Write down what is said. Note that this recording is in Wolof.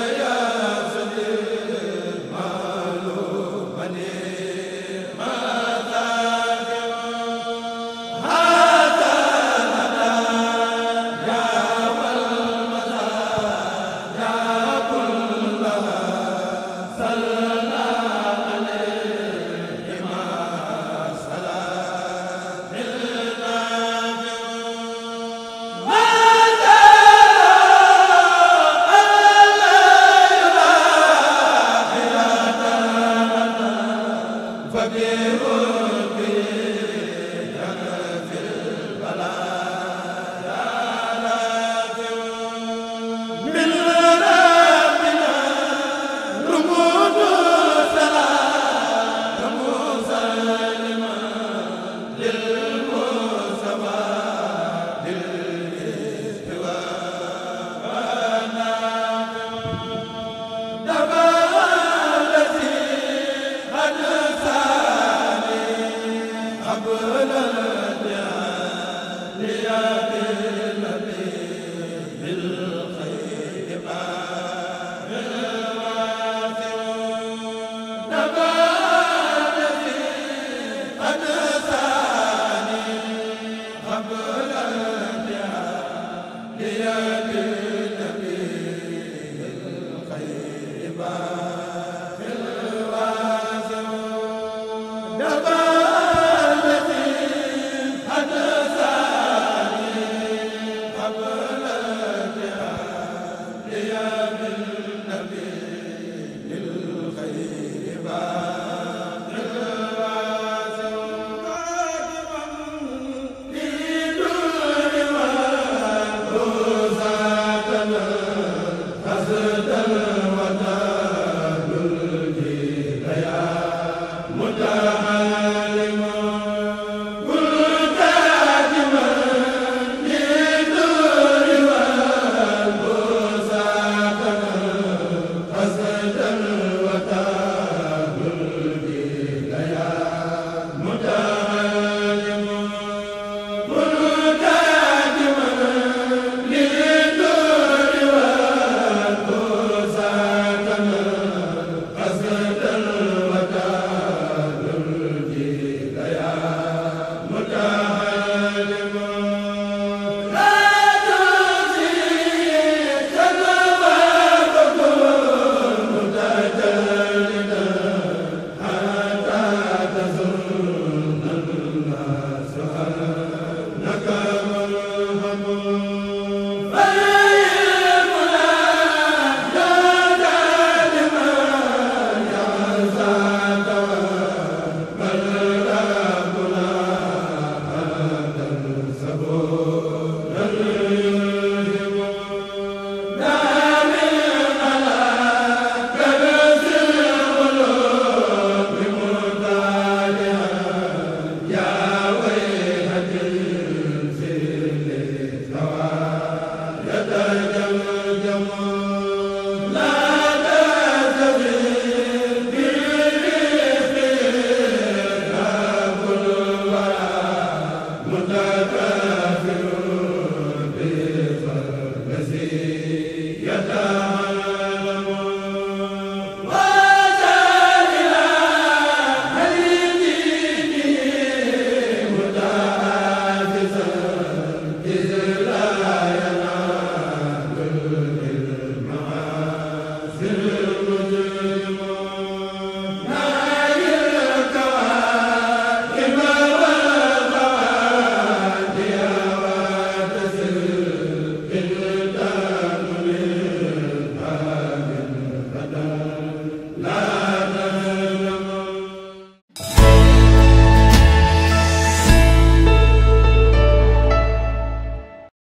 ya yaa تزل